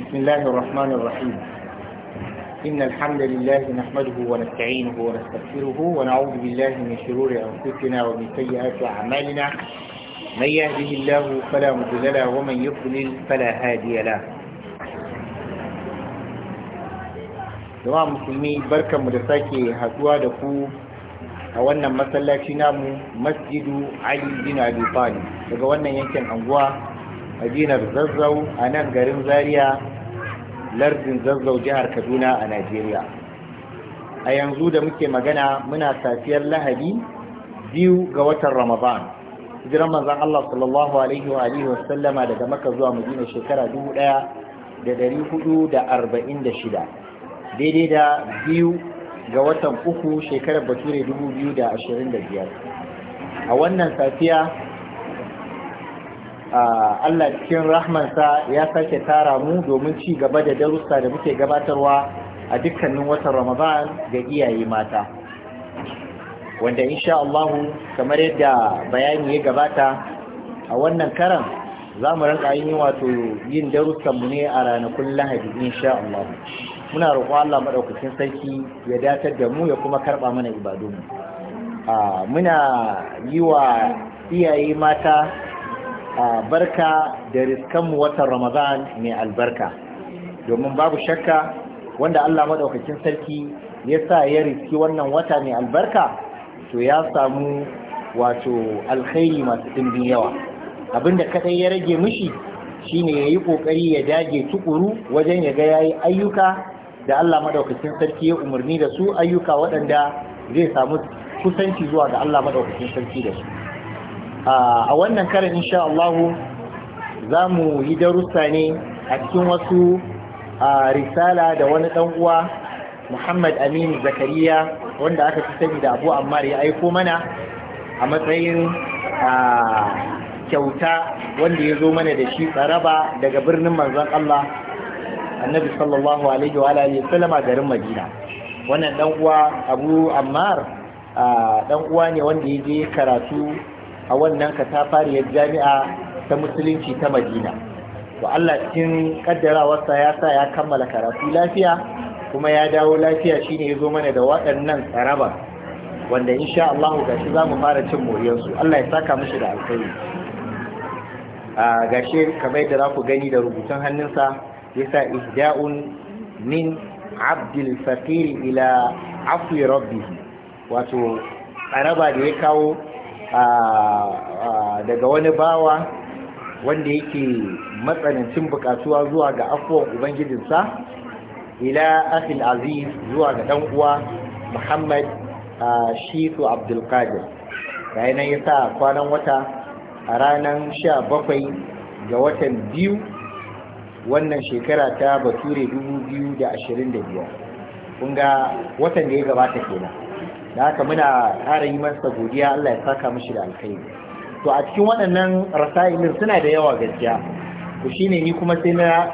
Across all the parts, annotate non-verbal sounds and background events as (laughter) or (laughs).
بسم الله الرحمن الرحيم إن الحمد لله نحمده ونستعينه ونستغفره ونعوذ بالله من شرور أنفسنا ومن سيئات أعمالنا من يهده الله فلا مضل له ومن يضلل فلا هادي له jama'a musulmi barkanmu da sake haduwa da ku a wannan masallaci namu masjidu ali bin abi daga wannan yankin anguwa madinar zazzau a nan garin zaria lardin zazzau jihar kaduna a najeriya a yanzu da muke magana muna safiyar lahadi biyu ga watan ramadan jiran manzan allah sallallahu alaihi wa alihi wasallama daga maka zuwa madina shekara dubu ɗaya da dari hudu da arba'in da shida daidai da biyu ga watan uku shekarar bature dubu biyu da ashirin da biyar a wannan safiya Allah cikin rahmansa ya sake tara mu domin ci gaba da darussa da muke gabatarwa a dukkanin watan Ramadan ga iyaye mata. Wanda insha Allahu kamar yadda bayani ya gabata a wannan karan za mu ranka yin wato yin darussan mu ne a ranakun Lahadi insha Allahu. Muna roƙo Allah maɗaukacin sarki ya datar da mu ya kuma karɓa mana mu Muna yi wa iyaye mata barka da mu watan ramadan mai albarka domin babu shakka wanda allah maɗaukakin sarki ya sa ya riski wannan wata mai albarka to ya samu wato alkhairi masu ɗimbin yawa abinda kaɗai ya rage mishi shine ya yi ƙoƙari ya dage tukuru wajen ya ga ya yi ayyuka da allah maɗaukakin sarki ya umarni da su ayyuka waɗanda zai samu kusanci zuwa ga allah maɗaukakin sarki da su a wannan karin insha Allah za mu yi darussa ne a cikin wasu risala da wani dan uwa Muhammad amin Zakariya wanda aka fi sani da Abu Ammar ya aiko mana a matsayin kyauta wanda ya zo mana da shi tsaraba daga birnin manzon Allah annabi sallallahu alaihi wa alihi sallama garin Madina wannan dan uwa Abu Ammar dan uwa ne wanda ya je karatu a wannan katafariyar jami'a ta musulunci ta madina Wa Allah cikin kaddarawarsa ya sa ya kammala karatu lafiya kuma ya dawo lafiya shine ya zo mana da waɗannan tsaraba wanda insha Allah gashi za mu fara cin moriyarsu Allah ya saka mishi da alkhairi a gashi kamar da za ku gani da rubutun hannunsa ya sa ihda'un min abdul fakir ila afwi rabbihi wato tsaraba da ya kawo daga wani bawa wanda yake matsanancin bukatuwa zuwa ga afuwan ubangijinsa ila akhil aziz zuwa ga dan uwa muhammad shitu abdulkadir yayin nan ya sa kwanan wata a ranar sha bakwai ga watan biyu wannan shekara ta bature 2025 kun ga watan da ya gabata kenan da haka muna ƙara yi masa godiya Allah ya saka mishi da alkhairi to a cikin waɗannan rasailin suna da yawa gaskiya to shine ni kuma sai na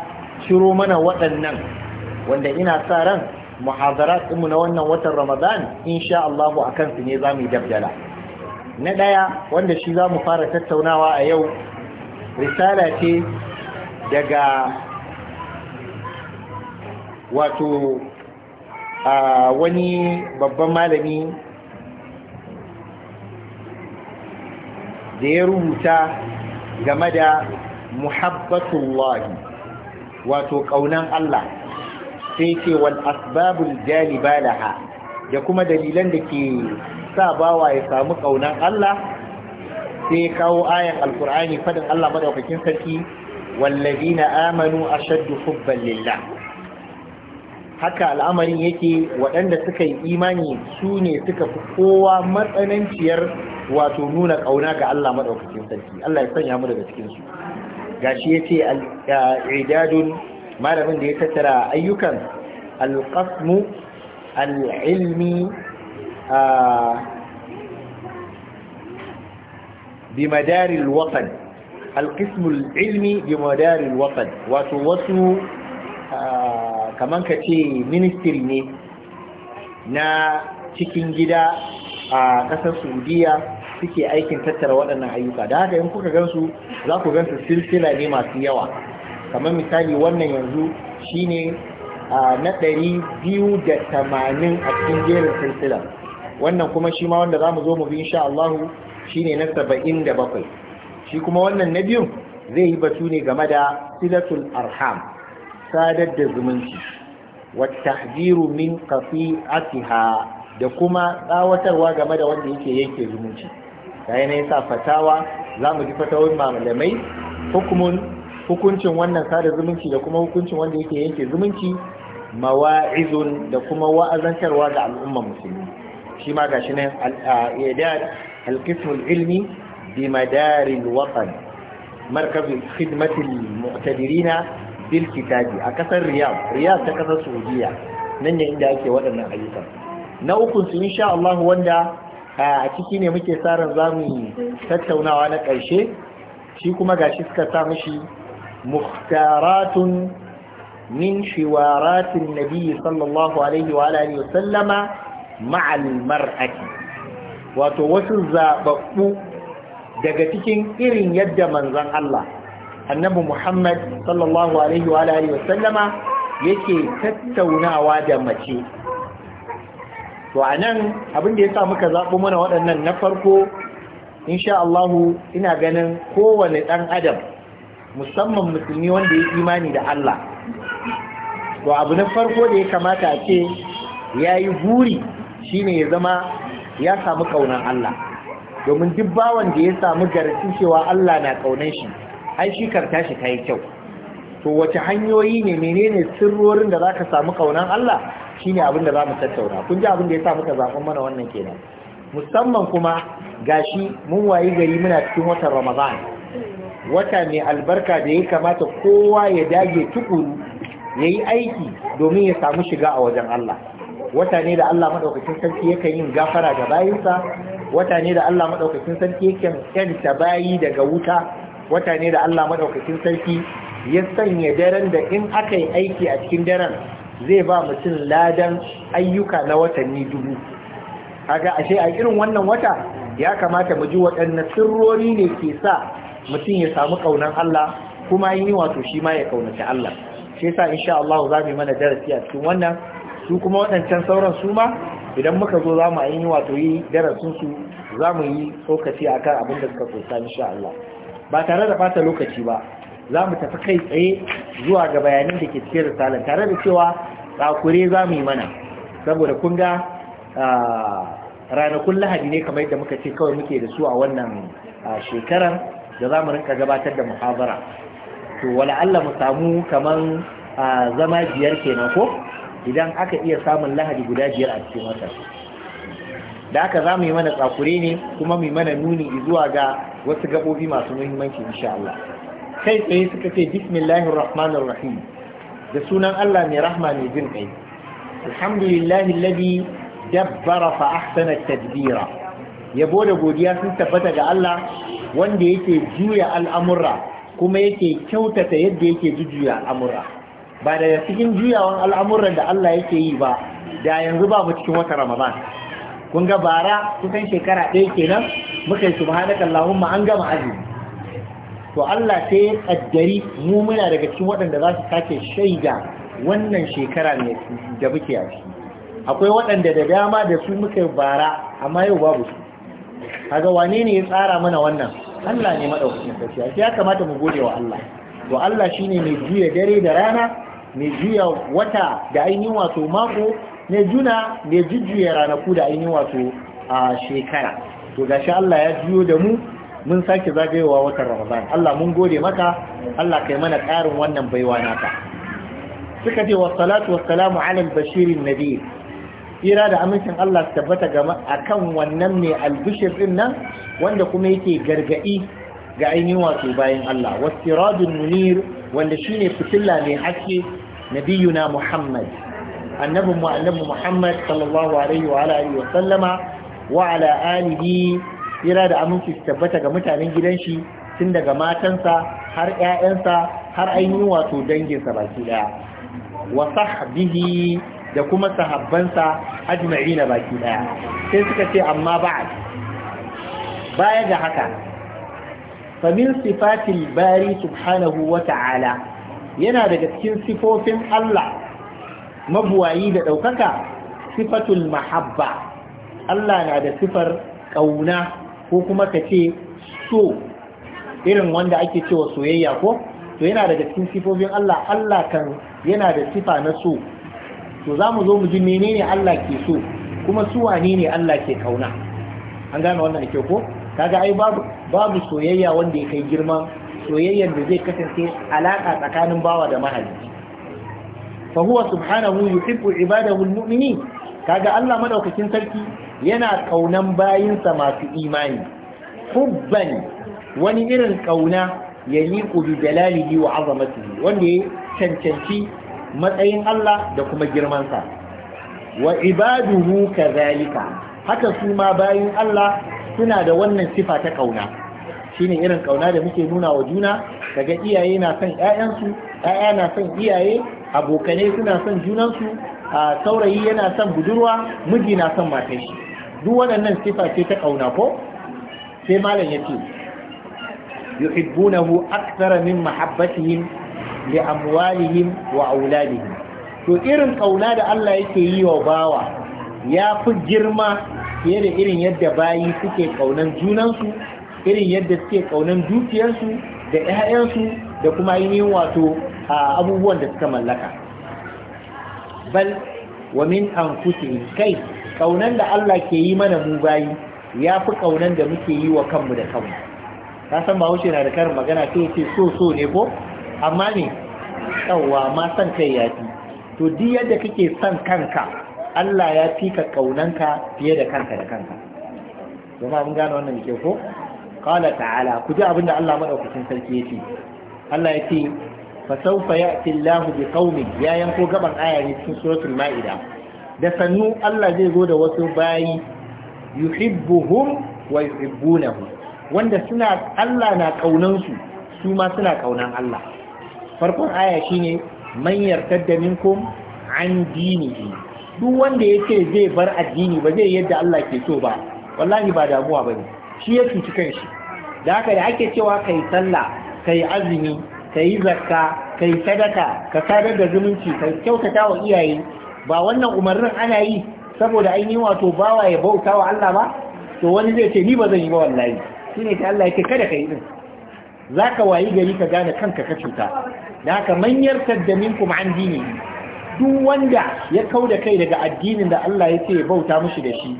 shiro mana waɗannan wanda ina sa ran muhazarat mu na wannan watan Ramadan insha Allah a kansu ne zamu yi dabdala na ɗaya wanda shi za mu fara tattaunawa a yau risala ce daga wato a wani babban malami da ya rubuta game da muhabbatullahi wato ƙaunan Allah sai ce wal asbabul jaliba laha da kuma dalilan da ke sa bawa ya samu ƙaunan Allah sai kawo ayan alkur'ani fadin Allah madaukakin sarki wallazina amanu ashaddu hubban lillah haka al'amarin yake waɗanda suka yi imani su ne suka fi kowa matsananciyar wato nuna ƙauna ga Allah maɗaukacin sarki Allah ya sanya mu daga cikinsu. gashi yace al-idadun malamin da ya tattara ayyukan al al'ilmi al-ilmi bi madari ilmi wato wasu kamar ka ce ministry ne na cikin gida a ƙasar saudiya suke aikin tattara waɗannan ayyuka da haka in kuka gansu za ku gansu silsila ne masu yawa kamar misali wannan yanzu shine na ɗari biyu da tamanin a cikin jerin silsila wannan kuma shi ma wanda za mu zo mu bi insha Allahu shine na saba'in da bakwai shi kuma wannan na biyun zai yi batu ne game da silatul arham sadar da zumunci wattahziru min qati'atiha da kuma tsawatarwa game da wanda yake yake zumunci yayin yasa fatawa zamu ji fatawar malamai hukumun hukuncin wannan sada zumunci da kuma hukuncin wanda yake yake zumunci mawa'izun da kuma wa'azantarwa ga al'umma musulmi shi ma gashi nan al-i'dad al-qism al-ilmi bi madar al-watan markaz khidmat mutadirina bilkitabi a kasar riyad riyad ta kasar saudiya nan ne inda ake waɗannan ayyukan na ukun su insha Allah wanda a ciki ne muke sa ran zamu tattaunawa na ƙarshe shi kuma gashi suka sa mishi mukhtaratun min shiwaratin nabi sallallahu alaihi wa alihi wa sallama ma'al mar'ati wato wasu zababbu daga cikin irin yadda manzon Allah annabi muhammad sallallahu alaihi wa alihi wa sallama yake tattaunawa da mace to anan abin da yasa muka zabo mana waɗannan na farko insha Allah ina ganin kowanne dan adam musamman musulmi wanda ya imani da Allah to abu na farko da ya kamata a ce yayi buri shine ya zama ya samu kaunar Allah domin duk bawan da ya samu garantin cewa Allah na kaunar shi ai shi karta shi ta yi kyau to wace hanyoyi ne menene sirrorin da zaka samu kaunan Allah shine abin da zamu tattauna kun ji abin da ya sa muka zafin mana wannan kenan musamman kuma gashi mun wayi gari muna cikin watan Ramadan wata mai albarka da ya kamata kowa ya dage tukuru yayi aiki domin ya samu shiga a wajen Allah wata ne da Allah madaukakin sarki yakan yin gafara ga bayinsa wata ne da Allah madaukakin sarki yake yanta bayi daga wuta wata ne da Allah madaukakin sarki ya sanya daren da in aka yi aiki a cikin daren zai ba mutum ladan ayyuka na watanni dubu kaga ashe a irin wannan wata ya kamata mu ji waɗanne sirrori ne ke sa mutum ya samu ƙaunar Allah kuma yi wato shi ma ya ƙaunaci Allah shi yasa insha Allah za mu yi mana darasi a cikin wannan su kuma waɗancan sauran su ma idan muka zo za mu yi wato yi darasin su za mu yi tsokaci akan abin da suka tsosa insha Allah ba tare da bata lokaci ba za mu tafi kai tsaye zuwa ga bayanin da ke cikin risalar tare da cewa tsakure za mu yi mana saboda kun ga ranakun lahadi ne kamar yadda muka ce kawai muke da su a wannan shekarar da za mu rinka gabatar da muhabara to wala Allah mu samu kamar zama biyar kenan ko idan aka iya samun lahadi guda biyar a cikin wata, da aka za mu yi mana tsakure ne kuma mu yi mana nuni zuwa ga wasu gabobi masu muhimmanci insha Allah kai tsaye suka ce bismillahir rahmanir rahim da sunan Allah mai rahma mai jin kai alhamdulillahi alladhi dabbara fa ahsana tadbira yabo da godiya sun tabbata ga Allah wanda yake juya al'amura kuma yake kyautata yadda yake jujuya al'amura ba da cikin juyawan al'amuran da Allah yake yi ba da yanzu babu cikin wata Ramadan kun ga bara kusan shekara ɗaya kenan muka yi su allahumma an gama azumi to Allah sai ya kaddari mu muna daga cikin waɗanda za su sake shaida wannan shekara ne da muke a shi akwai waɗanda da dama da su muka yi bara amma yau babu su kaga wane ne ya tsara mana wannan Allah ne madaukakin sarki sai ya kamata mu gode wa Allah to Allah shine mai juya dare da rana mai juya wata da ainihin wato mako ne juna ne jujjuya ranaku da ainihin wato a shekara to gashi Allah ya juyo da mu mun sake zagayowa watan Ramadan Allah mun gode maka Allah kai mana karin wannan baiwa naka suka ce wa salatu wa salamu ala al-bashir nabi ira da amincin Allah su tabbata ga akan wannan ne al-bashir din nan wanda kuma yake gargadi ga ainihin wato bayin Allah wasirajun munir wanda shine fitilla mai haske nabiyuna Muhammad annabin mu annabi Muhammad sallallahu alaihi wa alihi wa sallama wa ala alihi tsira da aminci tabbata ga mutanen gidan shi tun daga matansa har ƴaƴansa har ainihin wato danginsa baki daya wa sahbihi da kuma sahabbansa ajma'ina baki daya sai suka ce amma ba'ad baya ga haka fa min sifatil bari subhanahu wa ta'ala yana daga cikin sifofin Allah mabuwayi da ɗaukaka sifatul mahabba Allah na da sifar ƙauna ko kuma ka ce so irin wanda ake cewa soyayya ko to yana daga cikin sifofin Allah Allah kan yana da sifa na so to za mu zo mu ji menene Allah ke so kuma su wane ne Allah ke kauna an gane wannan da ko kaga ai babu babu soyayya wanda ya kai girman soyayyar da zai kasance alaka tsakanin bawa da mahalicci fa huwa subhanahu yuhibbu ibadahu almu'minin kaga Allah madaukakin sarki yana kaunan bayinsa masu imani hubban wani irin kauna ya liku bi jalalihi wa azamatihi wanda ya cancanci matsayin Allah da kuma girmansa wa ibaduhu kazalika haka su ma bayin Allah suna da wannan sifa ta kauna shine irin kauna da muke nuna wa juna kaga iyaye na son ƴaƴansu ƴaƴa na son iyaye abokanai suna son junansu a saurayi yana son budurwa miji na son matan shi duk waɗannan sifa ce ta ƙauna ko sai malam ya ce yuhibbunahu akthara min mahabbatihim li amwalihim wa auladihim to irin ƙauna da Allah yake yi wa bawa ya fi girma fiye da irin yadda bayi suke ƙaunan junansu irin yadda suke ƙaunan dukiyarsu da 'ya'yansu da kuma ainihin wato a abubuwan da suka mallaka bal wa min anfusihim kai kaunan da Allah ke yi mana mu bayi ya fi kaunan da muke yi wa kanmu da kanmu ka san bahaushe na da karin magana sai ce so so ne ko amma ne ma san kai ya fi to duk yadda kake son kanka Allah ya fi ka kaunanka fiye da kanka da kanka jama'a mun gane wannan ke ko qala ta'ala ku ji abinda Allah madaukakin sarki yake Allah ya fa sawfa ya'ti Allahu bi ya yanko gaban aya ne cikin suratul ma'ida da sannu Allah zai zo da wasu bayi yuhibbuhum wa yuhibbunahu wanda suna Allah na kaunan su su ma suna kaunan Allah farkon aya shine man yartadda minkum an dinihi duk wanda yake zai bar addini ba zai yadda Allah ke so ba wallahi ba damuwa bane shi ya cuci kanshi da haka da ake cewa ka yi sallah yi azumi ka kai zakka yi sadaka ka sadar da zumunci ka kyautata wa iyaye ba wannan umarnin ana yi saboda an yi wato bawa ya bauta wa Allah ba to wani zai ce ni ba zan yi ba wallahi shine ta Allah yake kada ka yi din zaka wayi gari ka gane kanka ka cuta da haka manyar yartadda kuma an dini duk wanda ya kauda kai daga addinin da Allah ya yake bauta mushi da shi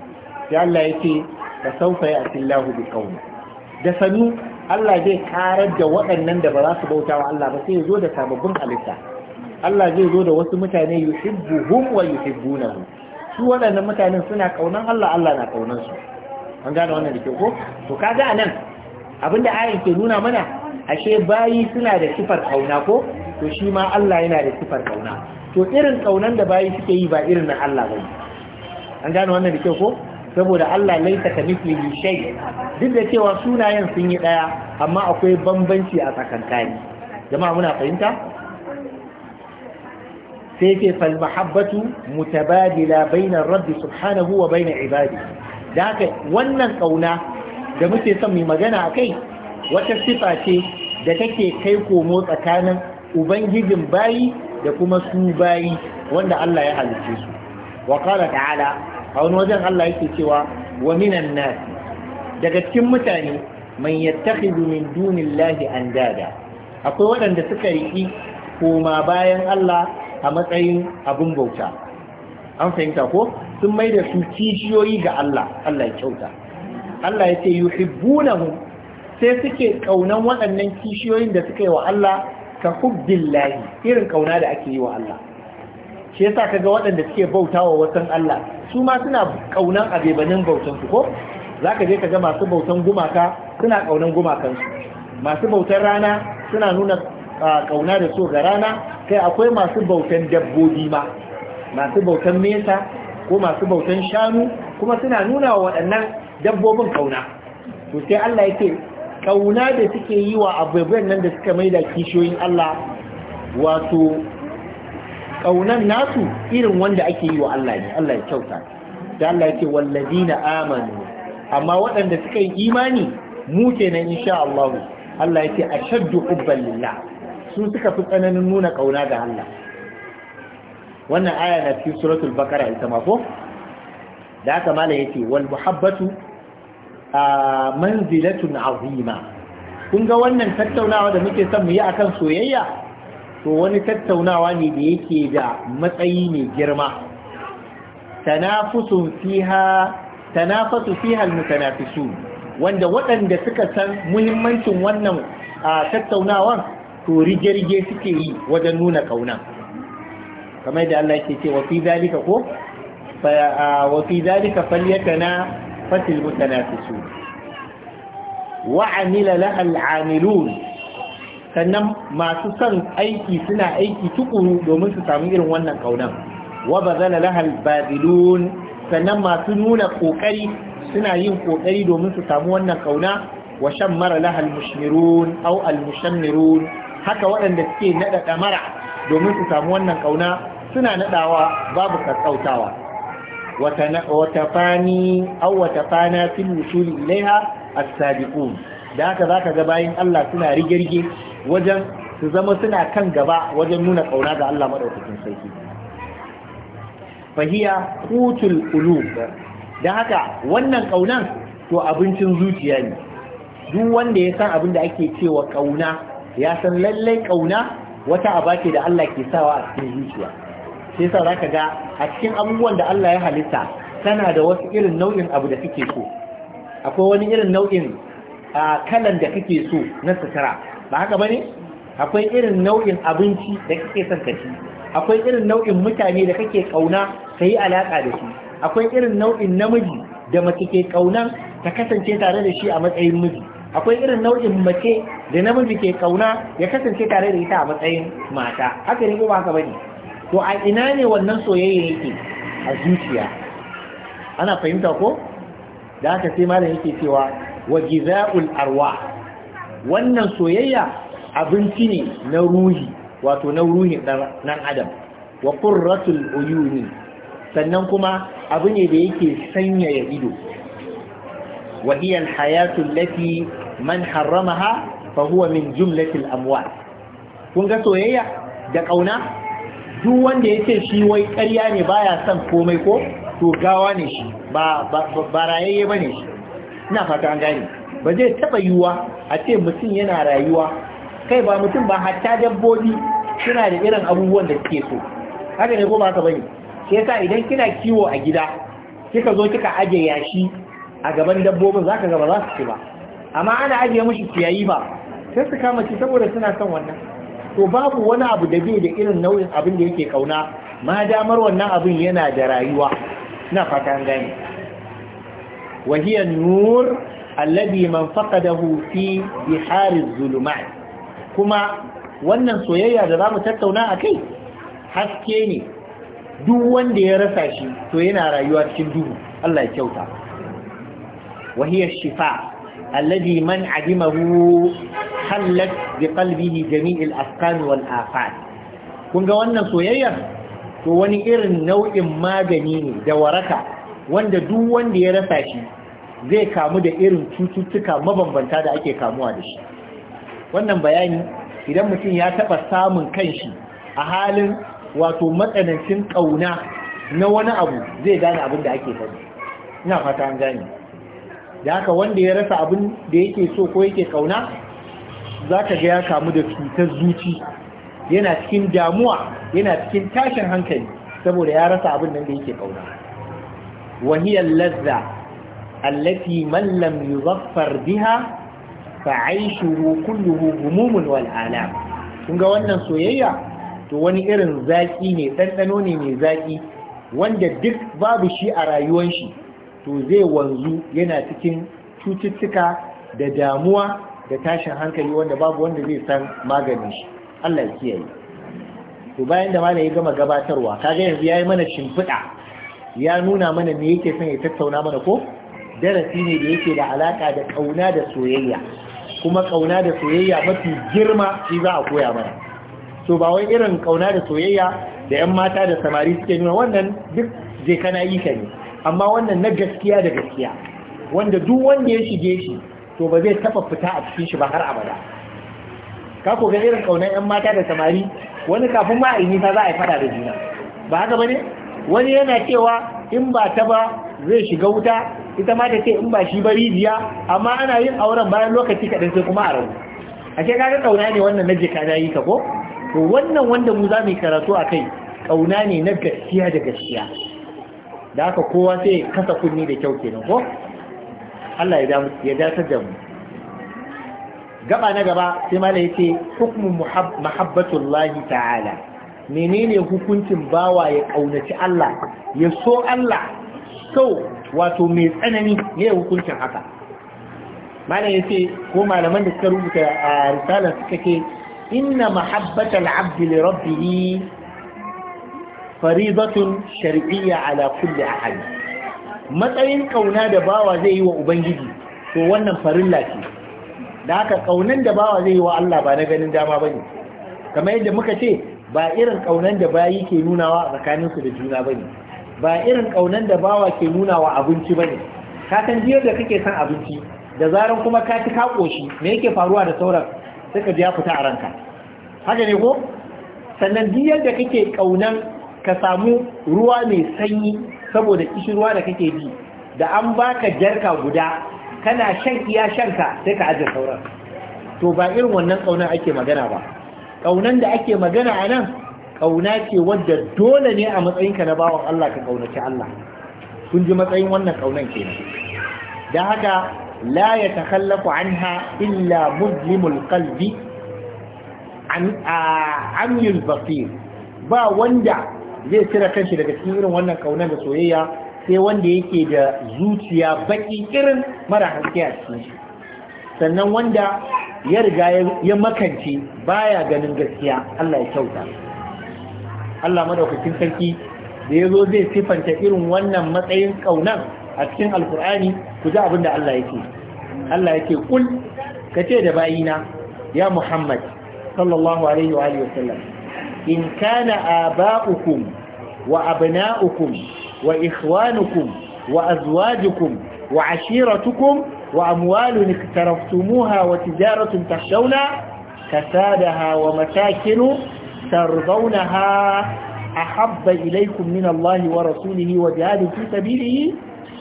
sai Allah yake saufa ya ya'ti Allah bi qaumin da sannu Allah zai karar da waɗannan da ba za su bauta wa Allah ba sai ya zo da sababbin halitta Allah zai zo da wasu mutane yuhibbuhum wa yuhibbunahu su waɗannan mutanen suna kaunan Allah Allah na kaunan su an gane wannan da ke ko to kaga anan abinda ayin ke nuna mana ashe bayi suna da sifar kauna ko to shi ma Allah yana da sifar kauna to irin kaunan da bayi suke yi ba irin na Allah ba an gane wannan da ke ko saboda Allah laisa ka shai, shay duk da cewa sunayen sun yi daya amma akwai bambanci a tsakankani jama'a muna fahimta sai ce fal mahabbatu mutabadila bainar rabbi subhanahu wa baina ibadi da haka wannan kauna da muke son mai magana a kai wata sifa ce da take kai komo tsakanin ubangijin bayi da kuma su bayi wanda Allah ya halicce su wa qala ta'ala a wani wajen Allah yake cewa wa minan nas daga cikin mutane man yattakhidhu min dunillahi andada akwai waɗanda suka yi koma bayan Allah a matsayin abun bauta an fahimta ko sun mai da su kishiyoyi ga Allah Allah ya kyauta Allah ya ce yuhibbunahum sai suke kaunan waɗannan kishiyoyin da suka yi wa Allah ka hubbillahi irin kauna da ake yi wa Allah shi yasa kaga waɗanda suke bauta wa wasan Allah su ma suna ƙaunan abebanin bautan su ko ka je ka ga masu bautan gumaka suna ƙaunan gumakan su masu bautan rana suna nuna ƙauna da so ga rana kai akwai masu bautan dabbobi ma masu bautan mesa ko masu bautan shanu kuma suna nuna wa waɗannan dabbobin ƙauna. to sai Allah ya ce ƙauna da suke yi wa abubuwan nan da suka maida kishiyoyin Allah wato kaunan nasu irin wanda ake yi wa Allah ne Allah ya kyauta da Allah yake wallazina amanu amma waɗanda suka yi imani mu kenan insha Allah Allah yake ashaddu hubban lillah su suka fi tsananin nuna kauna ga Allah wannan aya na cikin suratul baqara ita ma ko da haka malam yake wal muhabbatu a manzilatun azima kun ga wannan tattaunawa da muke son mu yi akan soyayya to wani tattaunawa ne da yake da matsayi mai girma tanafusun fiha tanafasu wanda waɗanda suka san muhimmancin wannan tattaunawan to rige-rige suke yi wajen nuna kauna kamar da Allah ke ce wa zalika ko wa zalika falyatana fatil mutanafisun wa amila lahal amilun sannan masu son aiki suna aiki tukuru domin su samu irin wannan kaunan wa bazala lahal babilun sannan masu nuna kokari suna yin kokari domin su samu wannan kauna wa shammara lahal mushmirun aw al mushammirun haka waɗanda suke nada damara domin su samu wannan kauna suna nadawa babu kakkautawa wa tafani aw wa tafana fil wusuli ilaiha as-sabiqun da haka zaka ga bayin Allah suna rige-rige wajen su zama suna kan gaba wajen nuna ƙauna ga Allah maɗaukacin sarki fahiya kutul Ulu, da haka wannan ƙaunan to abincin zuciya ne duk wanda ya san abin da ake cewa ƙauna ya san lallai ƙauna wata aba ce da Allah ke sawa a cikin zuciya sai sa zaka ga a cikin abubuwan da Allah ya halitta tana da wasu irin nau'in abu da kake so akwai wani irin nau'in a kalan da kake so na sutura ba haka bane akwai irin nau'in abinci da kake son ka ci akwai irin nau'in mutane da kake kauna kayi alaka da su akwai irin nau'in namiji da mace ke kauna ta kasance tare da shi a matsayin miji akwai irin nau'in mace da namiji ke kauna ya kasance tare da ita a matsayin mata haka ne ba haka bane to a ina ne wannan soyayya yake a zuciya ana fahimta ko da haka sai malam yake cewa wa jiza'ul arwah wannan soyayya abinci ne na ruhi wato na ruhi) nan adam wa qurratul uyuni sannan kuma abu ne da yake sanyaya ido wa hiya alhayatu allati man harramaha fa huwa min jumlatil kun ga soyayya da ƙauna? duk wanda ya ce shi wai ƙarya ne baya son komai ko to gawa ne shi ba ba barayayye bane shi ina fata an gane ba zai taɓa yiwuwa a ce mutum yana rayuwa kai ba mutum ba hatta dabbobi suna da irin abubuwan da suke so haka ne ko ba ka bane sai ka idan kina kiwo a gida kika zo kika aje yashi a gaban dabbobin zaka ga ba za su ci ba amma ana aje mushi ciyayi ba sai su kama ci saboda suna son wannan to babu wani abu da bai da irin nau'in abin da yake kauna ma damar wannan abin yana da rayuwa ina fata an gane nur alladhi man faqadahu fi bihari zulumat kuma wannan soyayya da zamu tattauna akai haske ne duk wanda ya rasa shi to yana rayuwa cikin duhu Allah ya kyauta wa hiya shifa alladhi man adimahu hallat bi qalbihi jami'il asqan wal afat kun ga wannan soyayya? to wani irin nau'in magani ne da waraka wanda duk wanda ya rasa shi zai kamu da irin cututtuka mabambanta da ake kamuwa da shi wannan bayani idan mutum ya taɓa samun kanshi a halin wato matsanancin ƙauna na wani abu zai gane abin da ake faɗi ina fata an gane da haka wanda ya rasa abin da yake so ko yake ƙauna za ka ga ya kamu da cutar zuci yana cikin damuwa yana cikin tashin hankali saboda ya rasa abin nan da yake ƙauna wahiyar lazza allati Mallam, lam yuzaffar biha fa aishuhu kulluhu humumun kun ga wannan soyayya to wani irin zaki ne ɗanɗano ne mai zaki wanda duk babu shi a rayuwar shi to zai wanzu yana cikin cututtuka da damuwa da tashin hankali wanda babu wanda zai san maganin shi Allah ya kiyaye to bayan da malami ya gama gabatarwa kaga yanzu yayi mana shimfiɗa ya nuna mana me yake son ya tattauna mana ko darasi ne da yake da alaka da kauna da soyayya kuma kauna da soyayya mafi girma shi za a koya mana so ba wai irin kauna da soyayya da yan mata da samari suke nuna wannan duk zai kana yi ka ne amma wannan na gaskiya da gaskiya wanda duk wanda ya shige shi to ba zai taba fita a cikin shi ba har abada ka ko ga irin kauna yan mata da samari wani kafin ma a yi za a yi fada da juna ba haka bane wani yana cewa in ba ta ba zai shiga wuta ita ma ta ce in ba shi ba rijiya amma ana yin auren bayan lokaci kaɗan sai kuma a rabu a ce kaga ƙauna ne wannan na jaka na yi ka ko to wannan wanda mu za mu karatu a kai ƙauna ne na gaskiya da gaskiya da haka kowa sai kasa kunni da kyau kenan ko Allah ya ya da mu gaba na gaba sai mala yace hukmun mahabbatullahi ta'ala menene hukuncin bawa ya kaunaci Allah ya so Allah kyau wato mai tsanani ne hukuncin haka malam ya ce ko malaman da suka rubuta a risalar suka ce inna mahabbatal Abdi li rabbihi faridatun shar'iyya ala kulli ahad matsayin kauna da bawa zai yi wa ubangiji to wannan farilla ce da haka kaunan da bawa zai yi wa Allah ba na ganin dama bane kamar yadda muka ce ba irin kaunan da bayi ke nunawa a tsakaninsu da juna bane ba irin ƙaunar da bawa ke nuna wa abinci ne, ka san jiyar da kake son abinci da zarar kuma ka ci ka koshi me yake faruwa da sauran suka biya fita a ranka haka ne ko sannan jiyar da kake ƙaunan ka samu ruwa mai sanyi saboda ruwa da kake bi da an baka jarka guda kana shan iya shanka sai ka ajiye sauran to ba irin wannan ƙaunar ake magana ba ƙaunar da ake magana a nan ƙauna ce wadda dole ne a matsayinka na bawan Allah ka ƙaunaci Allah sun ji matsayin wannan ƙaunan kenan da haka la ya takhallafu anha illa muslimul kalbi? an Bafir basir ba wanda zai cire kanshi daga cikin irin wannan ƙaunar da soyayya sai wanda yake da zuciya baki irin mara haske a cikin shi sannan wanda ya riga ya makance baya ganin gaskiya Allah ya kyauta Allah madaukakin sarki da yazo zai sifanta irin wannan matsayin kaunan a cikin alkur'ani ku ji abin da Allah yake Allah yake kul kace da bayina ya Muhammad sallallahu alaihi wa alihi wasallam in kana aba'ukum wa abna'ukum wa ikhwanukum wa azwajukum wa ashiratukum wa amwalun iktaraftumuha wa tijaratun tahshawna kasadaha wa matakinu ترضونها أحب إليكم من الله ورسوله وجهاد في سبيله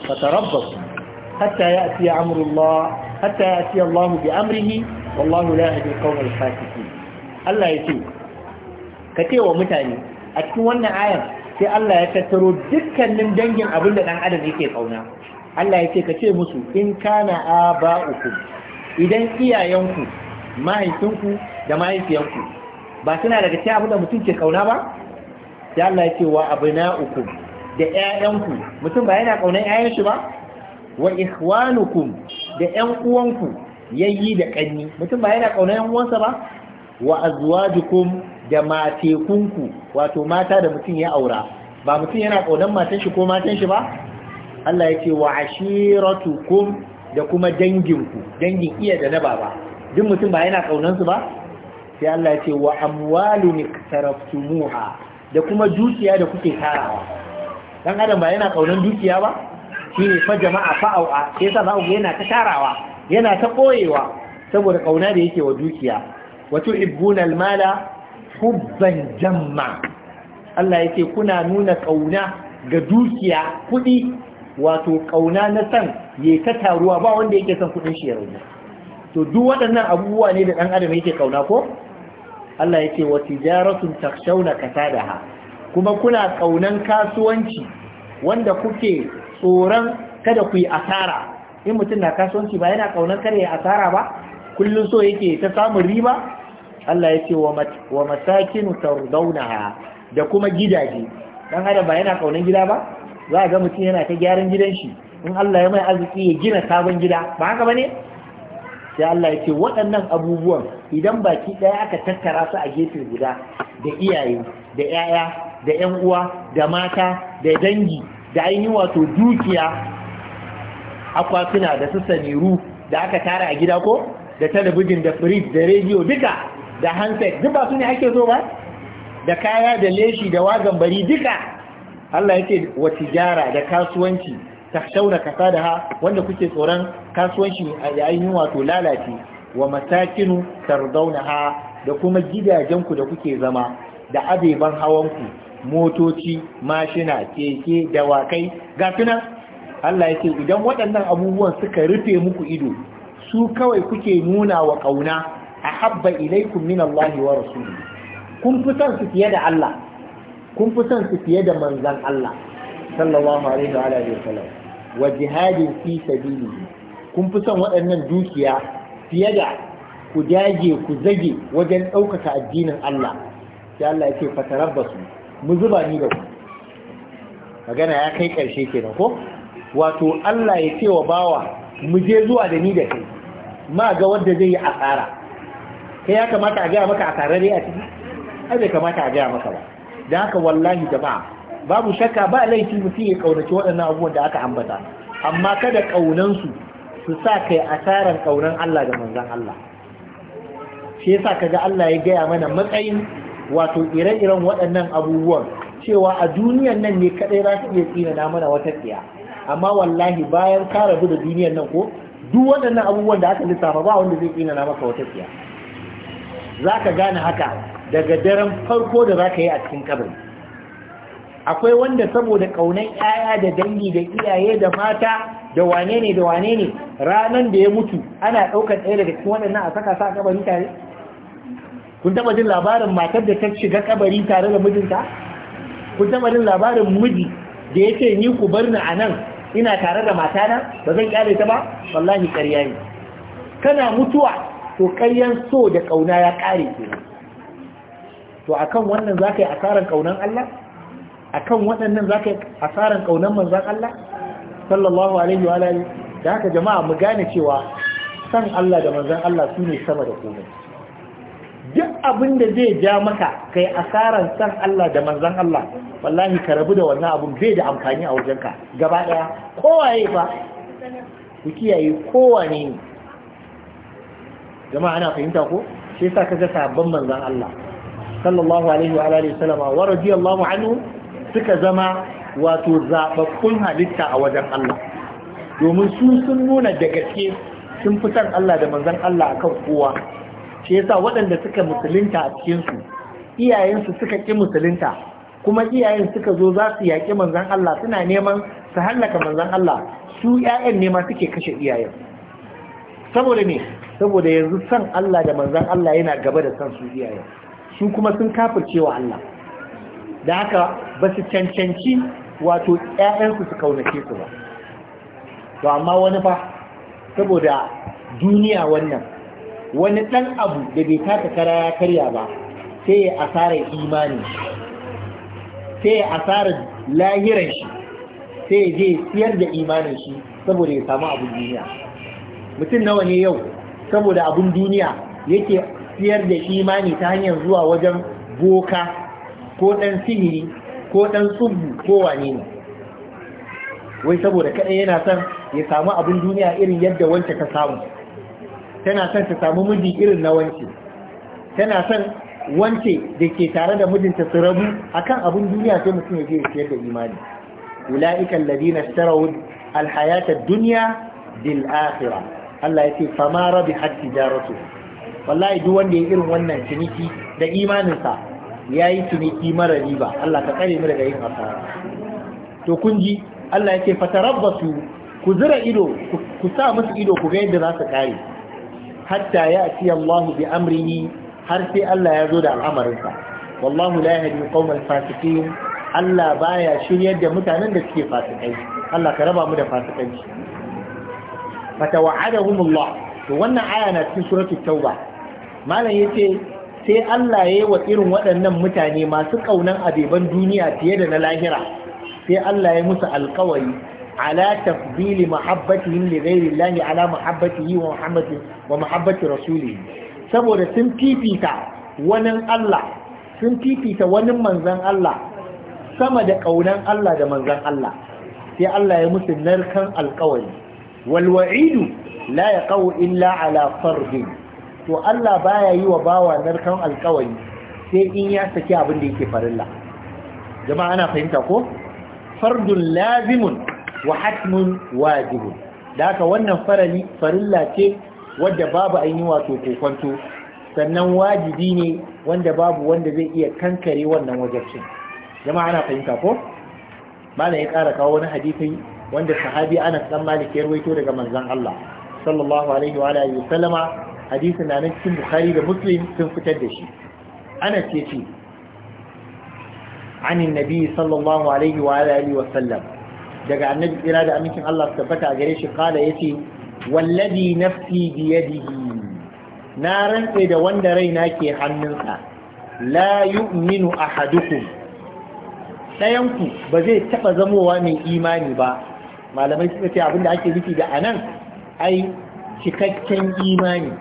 فتربصوا حتى يأتي أمر الله حتى يأتي الله بأمره والله لا يهدي القوم الفاسقين الله يتوب kace wa mutane a cikin wannan ayar sai Allah ya tattaro dukkanin dangin abin da dan adam yake ƙauna. Allah ya ce ka musu in kana uku, idan iyayenku mahaifinku da mahaifiyanku ba suna daga cikin abin da mutum ke kauna ba ya Allah ya ce wa uku da 'ya'yanku, mutum ba yana kaunar ƴaƴan shi ba wa ikhwanukum da ƴan uwanku yayi da kanni mutum ba yana kaunar ƴan uwansa ba wa azwajukum da matekunku wato mata da mutum ya aura ba mutum yana kaunar matan shi ko matan shi ba Allah ya ce wa ashiratukum da kuma danginku dangin iya da na baba duk mutum ba yana kaunar ba sai Allah ya ce wa amwalun iktaraftumuha da kuma dukiya da kuke tarawa dan adam ba yana kaunan dukiya ba shine fa jama'a fa au'a sai sa zaku yana ta tarawa yana ta koyewa saboda kauna da yake wa dukiya wato ibunal almala hubban jamma Allah yake kuna nuna kauna ga dukiya kudi wato kauna na san ya ta taruwa ba wanda yake son kudin shi ya rubuta to duk waɗannan abubuwa ne da ɗan adam yake kauna ko Allah yake wa tijaratun takshawna kasadaha kuma kuna kaunan kasuwanci wanda kuke tsoron kada ku yi asara in mutum na kasuwanci ba yana kaunan kada ya asara ba kullum so yake ta samun riba Allah yake wa masakinu tardawnaha da kuma gidaje dan adam ba yana kaunan gida ba za ga mutum yana ta gyaran gidan shi in Allah ya mai arziki ya gina sabon gida ba haka bane sai Allah ya ce waɗannan abubuwan idan baki ɗaya aka tattara su a gefe guda da iyaye da 'ya'ya da 'yan uwa da mata da dangi da ainihin wato dukiya akwatuna da su saniru da aka tara a gida ko da talabijin da firij da rediyo duka da handset duk ba su ne ake so ba da kaya da leshi da wagan bari duka Allah ya ce wa tijara da kasuwanci da kasadaha wanda kuke tsoron kasuwanci a yayin wato lalace wa masakinu tardaunaha da kuma gidajen ku da kuke zama da abeban hawan ku motoci mashina keke dawakai ga tunan Allah yake idan waɗannan abubuwan suka rufe muku ido su kawai kuke nuna wa ƙauna a habba ilaikum min Allah wa rasuluhu kun fi su fiye da Allah kun fi son su fiye da manzan Allah sallallahu alaihi wa alihi wasallam wa jihadin fi sabilihi kun fi son waɗannan dukiya fiye da ku dage ku zage wajen ɗaukaka addinin Allah sai Allah ya ce fatarabbasu mu zuba ni da ku magana ya kai ƙarshe kenan ko wato Allah ya ce wa bawa mu je zuwa da ni da kai ma ga wanda zai yi asara kai ya kamata a gaya maka asararre a ciki ai bai kamata a gaya maka ba da haka wallahi jama'a babu shakka ba laifi mutum ya kaunaci waɗannan abubuwan da aka ambata amma kada kaunansu su sa kai asaran kaunan Allah da manzon Allah shi yasa kaga Allah ya gaya mana matsayin wato ire-iren waɗannan abubuwan cewa a duniyan nan ne kadai za su iya tsina mana wata tsiya amma wallahi bayan ka rabu da duniyan nan ko duk waɗannan abubuwan da aka lissafa ba wanda zai tsina maka wata tsiya za gane haka daga daren farko da zaka yi a cikin kabari akwai wanda saboda kaunan yaya da dangi da iyaye da mata da wane ne da wane ne ranan da ya mutu ana ɗaukar ɗaya daga cikin waɗannan a saka sa kabari tare kun taɓa jin labarin matar da ta shiga kabari tare da mijinta kun taɓa jin labarin miji da ya ce ni ku bar ni a nan ina tare da mata na? ba zan kyale ta ba wallahi ƙarya ne kana mutuwa to ƙaryan so da ƙauna ya ƙare ke to akan wannan za ka yi asarar ƙaunar Allah akan waɗannan za ka yi asaran ƙaunar manzan Allah sallallahu alaihi wa alihi da haka jama'a mu gane cewa san Allah da manzan Allah su ne sama da komai duk abin da zai ja maka kai asaran san Allah da manzan Allah wallahi ka rabu da wannan abun zai da amfani a wajenka gaba ɗaya kowaye ba? ku kiyaye kowane ne jama'a ana fahimta ko shi ka ga sabon manzan Allah sallallahu alaihi wa alihi wasallama wa radiyallahu anhu suka zama wato zaɓaɓɓun halitta a wajen Allah domin su sun nuna da gaske sun fi son Allah da manzan Allah a akan kowa shi yasa waɗanda suka musulunta a cikin su iyayensu suka ƙi musulunta kuma iyayen suka zo za su yaƙi manzan Allah suna neman su hallaka manzan Allah su ƴaƴan nema suke kashe iyayen saboda ne saboda yanzu san Allah da manzan Allah yana gaba da san su iyayen su kuma sun kafircewa Allah da haka ba su cancanci wato ‘ya'yansu su kaunace su ba to amma wani ba saboda duniya wannan wani ɗan abu da bai taka kara ya karya ba sai ya asarar imani sai ya asarar lahiran shi sai ya je siyar da imanin shi saboda ya samu abin duniya mutum nawa ne yau saboda abin duniya yake siyar da imani ta hanyar zuwa wajen boka ko ɗan sihiri ko ɗan tsubbu ko wane ne wai saboda kaɗai yana son ya samu abin duniya irin yadda wance ka samu tana son ta samu miji irin na wance tana son wance da ke tare da mijinta su rabu akan abin duniya sai mutum ya je ya siyar da imani ula'ikan ladina sharawud alhayata duniya bil akhira Allah ya ce fama rabi hatti jaratu wallahi duk wanda ya irin wannan ciniki da imaninsa ya yi ciniki mara riba Allah ka tsare mu daga yin hasara to kun ji Allah yake fatarabbasu ku zira ido ku sa musu ido ku ga yadda za su kare hatta ya ati Allah bi amrihi har sai Allah ya zo da al'amarinsa wallahu la yahdi qaumal fasiqin Allah baya shiryar da mutanen da suke fasikai Allah ka raba mu da fasikanci fatawa'adahum Allah to wannan aya na cikin suratul tauba malam yace sai Allah ya yi wa irin waɗannan mutane masu ƙaunan abeban duniya fiye da na lahira sai Allah ya musu alkawari ala tafdili mahabbatihim li ghairi llahi ala mahabbatihi wa muhammadin wa mahabbati rasulihi saboda sun fifita wani Allah sun fifita wani manzon Allah sama da ƙaunan Allah da manzon Allah sai Allah ya musu narkan alƙawari. wal wa'idu la yaqau illa ala fardin to Allah baya yi wa bawa narkan alkawari sai in ya saki abin da yake farilla jama'a ana fahimta ko fardun lazimun wa hatmun wajibun da haka wannan farali farilla ce wadda babu an yi wato kokonto sannan wajibi ne wanda babu wanda zai iya kankare wannan wajabcin jama'a ana fahimta ko malam ya ƙara kawo wani hadisi wanda sahabi ana dan Malik ya daga manzon Allah sallallahu alaihi wa alihi wasallama hadisin na cikin bukhari da muslim sun fitar da shi ana ce ce anin nabi sallallahu alaihi wa alihi wa sallam daga annabi tsira da amincin Allah su tabbata a gare shi kala yace wallazi nafsi bi yadihi na rantse da wanda raina ke hannunsa la yu'minu ahadukum ɗayanku ba zai taɓa zamowa mai imani ba malamai suka ce abinda ake nufi da anan ai cikakken imani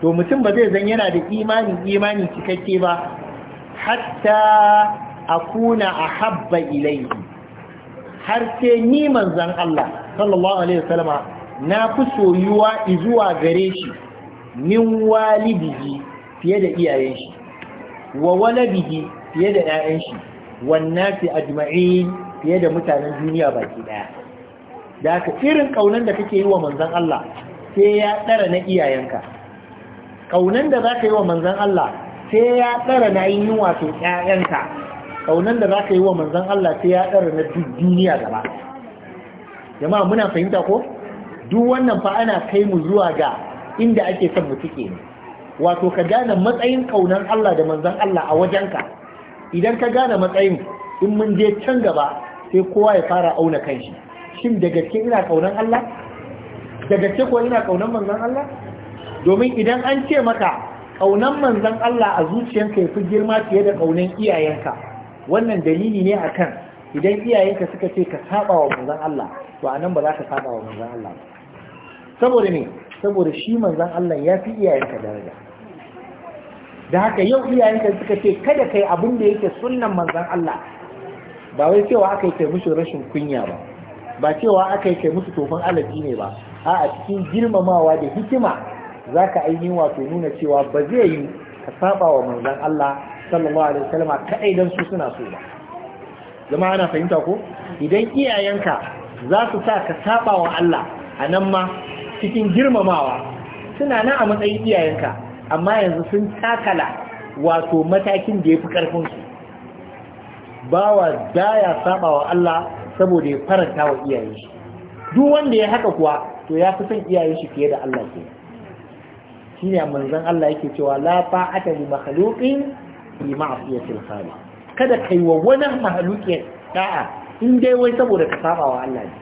to mutum ba zai zan yana da imani imani cikakke ba hatta akuna ahabba ilayhi har sai ni manzan Allah sallallahu alaihi wasallama na fi soyuwa izuwa gare shi min walidihi fiye da iyayen shi wa waladihi fiye da 'ya'yan shi wannan fi ajma'in fiye da mutanen duniya baki daya da ka irin kaunan da kake yi wa manzan Allah sai ya tsara na iyayenka kaunan da za ka yi wa manzan Allah sai ya tsara na yin wato ƴaƴanka kaunan da za ka yi wa manzan Allah sai ya tsara na duniya gaba jama'a muna fahimta ko duk wannan fa ana kai mu zuwa ga inda ake son mu tike ne wato ka gane matsayin kaunan Allah da manzan Allah a wajenka idan ka gane matsayin in mun je can gaba sai kowa ya fara auna kanshi shin da gaske ina kaunan Allah da gaske ko ina kaunan manzan Allah domin idan an ce maka ƙaunan Manzan Allah a zuciyanka fi girma fiye da ƙaunan iyayenka wannan dalili ne akan idan iyayenka suka ce ka saba wa Manzan Allah to a nan ba za ka saba wa Manzan Allah ba saboda ne saboda shi Manzan Allah ya fi iyayenka daraja da haka yau iyayenka suka ce kada kai abin da yake sunnan Manzan Allah ba wai cewa aka yi musu rashin kunya ba ba cewa aka yi musu tofin alaji ne ba a cikin girmamawa da hikima za ka ainihin wato nuna cewa ba zai yi ka saba wa manzan Allah sallallahu alaihi wasallama kaɗai don su suna so ba zama ana fahimta ko idan iyayenka za su sa ka saba wa Allah a nan ma cikin girmamawa suna nan a matsayin iyayenka amma yanzu sun takala wato matakin da ya fi ƙarfinsu ba bawa daya saba wa Allah saboda ya faranta wa iyayen shi duk wanda ya haka kuwa to ya fi son iyayen shi fiye da Allah ke shine Manzan Allah yake cewa la fa'ata li makhluqin ma'siyati al khaliq kada kai wa wani makhluqin da'a in dai wai saboda ka saba wa Allah ne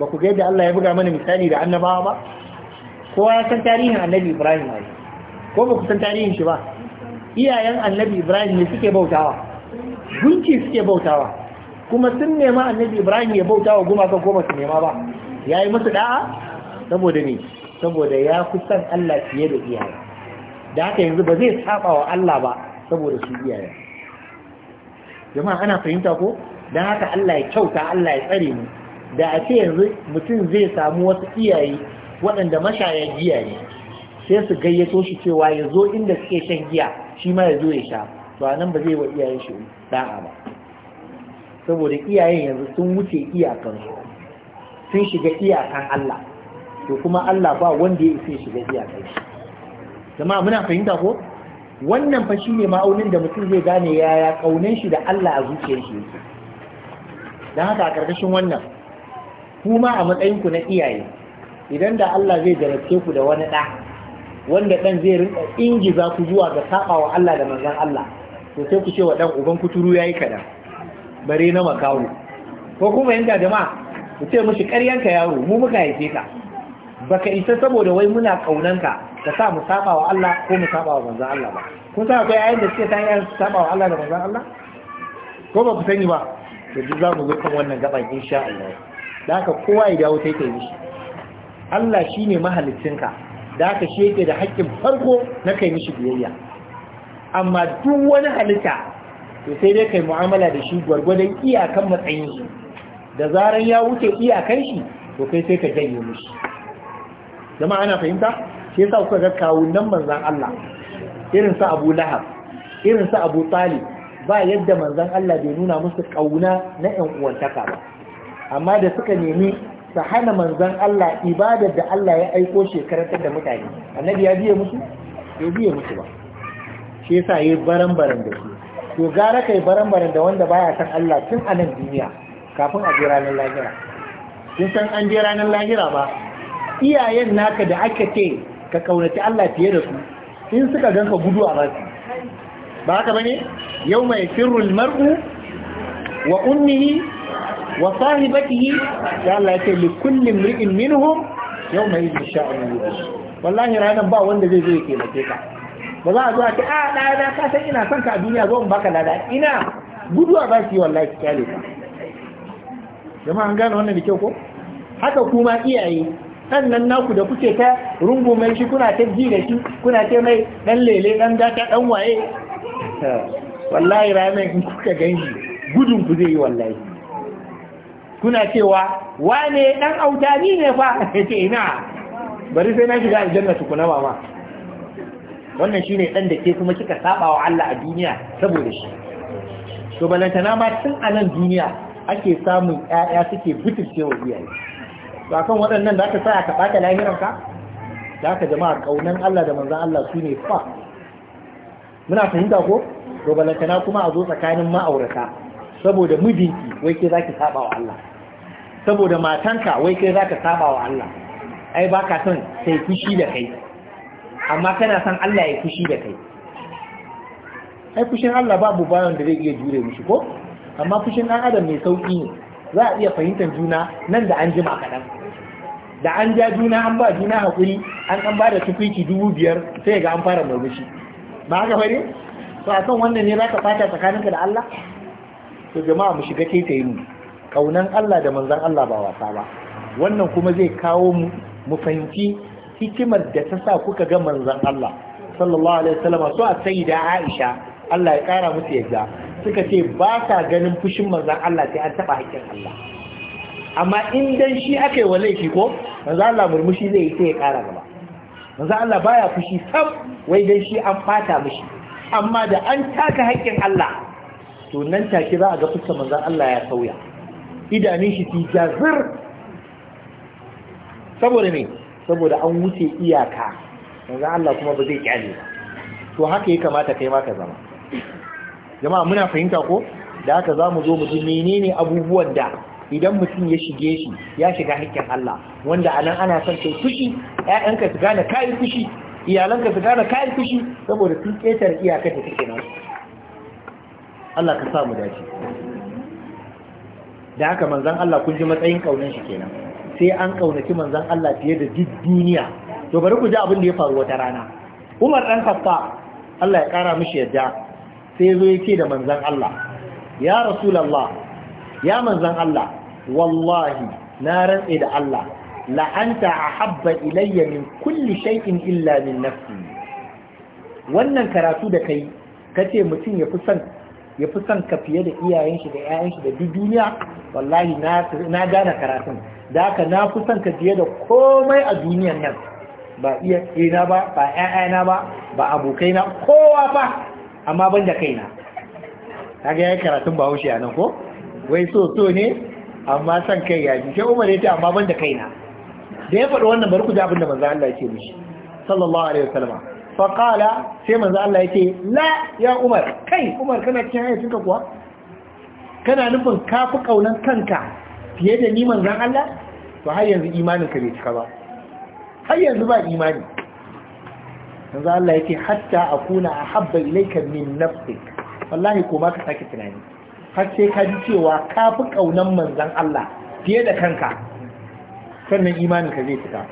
ba ku ga yadda Allah ya buga mana misali da annabawa ba kowa ya san tarihin annabi Ibrahim ne ko ba ku san tarihin shi ba iyayen annabi Ibrahim ne suke bautawa gunki suke bautawa kuma sun nema annabi Ibrahim ya bautawa gumakan ko ba su nema ba yayi musu da'a saboda ne saboda ya fi son Allah fiye da iyaye da haka yanzu ba zai saba wa Allah ba saboda su iyaye jama'a ana fahimta ko don haka Allah ya kyauta Allah ya tsare mu da a ce yanzu mutum zai samu wasu iyaye waɗanda mashaya giya ne sai su gayyato shi cewa ya zo inda suke shan giya shi ma ya zo ya sha to a ba zai wa iyayen shi da'a ba saboda iyayen yanzu sun wuce iyakansu sun shiga iyakan Allah to kuma Allah ba wanda ya isa shiga iya kai jama'a muna fahimta ko wannan fa shine ma'aunin da mutum zai gane yaya kaunan shi da Allah a zuciyar shi yake dan haka a karkashin wannan kuma a matsayin ku na iyaye idan da Allah zai jarabce ku da wani da wanda dan zai rinka ingiza ku zuwa ga sabawa Allah da manzon Allah to sai ku ce wa dan uban kuturu yayi kada bare na makawo ko kuma yanda jama'a ku ce mushi ƙaryanka yaro mu muka haife ka baka isa saboda wai muna kaunanka ka sa mu saba wa Allah ko mu saba wa manzan Allah ba kun sa akwai ayin da suke ta yi saba wa Allah da manzan Allah ko ba ku sani ba to duk za mu zo kan wannan gaban insha Allah da haka kowa ya dawo sai yi mishi Allah shi ne mahalicinka da haka shi yake da haƙƙin farko na kai mishi biyayya amma duk wani halitta to sai dai kai mu'amala da shi gwargwadon iyakan matsayin shi da zaran ya wuce iyakan shi to kai sai ka janye mishi jama'a ana fahimta shi yasa kuka ga kawunan manzon Allah irin sa Abu Lahab irin sa Abu Talib ba yadda manzon Allah bai nuna musu kauna na ƴan uwantaka ba amma da suka nemi su hana manzon Allah ibadar da Allah ya aiko shekarar da mutane annabi ya biye musu bai biye musu ba shi yasa yayi barambaran da su to gara kai barambaran da wanda baya san Allah tun a nan duniya kafin a je ranar lahira kin san an je ranar lahira ba iyayen naka da aka ce ka kaunaci Allah fiye da su in suka ganka gudu a su ba haka bane yau mai firul mar'u wa ummihi wa sahibatihi ya Allah ya ce li kulli mri'in minhum yau mai sha'ani wallahi ranar ba wanda zai zo ya taimake ka ba za a zo a ce a ah, na ka san ina son ka a duniya zo in baka lada ina a ba su yi wallahi ki kyale ka jama'an an gane wannan da kyau ko haka kuma iyaye ɗan nan naku da kuke ta rungumai shi kuna ta ji da shi kuna ta mai ɗan lele ɗan gata ɗan waye wallahi rami in kuka gan gudun ku zai yi wallahi kuna cewa wane ɗan ni ne fa (laughs) ya ce ina bari sai na shiga aljanna tukuna mama wannan shine dan da ke kuma kika saba wa Allah a duniya saboda shi to balantana ma tun a nan duniya ake samun ƴaƴa suke butulce wa iyaye ba kan waɗannan za ka sa ka ɓata lahiranka da ka jama'a ƙaunan Allah da manzan Allah su ne fa muna fahimta ko robalantana kuma a zo tsakanin ma'aurata saboda mijinki wai ke za ki saba wa Allah saboda matanka wai ke za ka saba wa Allah ai ba ka son sai fushi da kai amma kana son Allah ya fushi da kai ai fushin Allah babu bayan da zai iya jure mishi ko amma fushin ɗan adam mai sauƙi ne za a iya fahimtar juna nan da an jima kaɗan da an ja juna an ba juna haƙuri an an ba da tukwiki dubu biyar sai ga an fara murmushi ba haka fari to a kan wannan ne za ka fata tsakaninka da Allah to jama'a mu shiga taitayi mu ƙaunan Allah da manzan Allah ba wasa ba wannan kuma zai kawo mu fahimci hikimar da ta sa kuka ga manzan Allah sallallahu alaihi wasallam so a sayyida Aisha Allah ya kara musu yadda suka ce ba sa ganin fushin manzan Allah sai an taba hakkin Allah amma in dan shi aka yi wa laifi ko manzan Allah murmushi zai yi sai ya kara gaba manzan Allah baya fushi sam wai dan shi an fata mishi amma da an taka hakkin Allah to nan take za a ga fuskar manzan Allah ya sauya idanun shi su jazir saboda ne saboda an wuce iyaka manzan Allah kuma ba zai kyale ba to haka ya kamata kai ma ka zama jama'a muna fahimta ko da haka za mu zo mu ji menene abubuwan da idan mutum ya shige shi ya shiga hakkin Allah wanda anan ana son kai fushi ƴaƴanka su gane kai fushi iyalanka su gane kai fushi saboda sun ketar iyakar da take nan Allah ka sa mu dace da haka manzon Allah kun ji matsayin kaunan shi kenan sai an ƙaunaci manzon Allah fiye da duk duniya to bari ku ji abin da ya faru wata rana Umar dan Khattab Allah ya kara mishi yadda sai zo ce da manzan Allah ya rasulallah, ya manzan Allah wallahi na rantse da Allah la'anta a habba ilayya min kulli shay'in illa min nafsi wannan karatu da kai kace mutum ya fi son ya fi son ka fiye da iyayen shi da ƴaƴan shi da duk duniya wallahi na na gane karatun da haka na fi son ka fiye da komai a duniyan nan ba iya ina ba ba ƴaƴana ba ba abokaina kowa ba amma ban da kaina kaga yayi karatun bahaushe a nan ko wai so so ne amma san kai ya ji sai umar ya ce amma ban da kaina da ya faɗi wannan barku ku abin da manzo Allah ya ce mishi sallallahu alaihi wasallam fa qala sai manzo Allah ya ce la ya umar kai umar kana cikin hayyacinka kuwa kana nufin ka fi kaunan kanka fiye da ni manzo Allah to har yanzu imanin ka bai cika ba har yanzu ba imani yanzu Allah yake hatta akuna habba ilaika min nafsik wallahi ko ma ka sake tunani har sai ka ji cewa ka fi kaunan manzon Allah fiye da kanka sannan imanin ka zai fita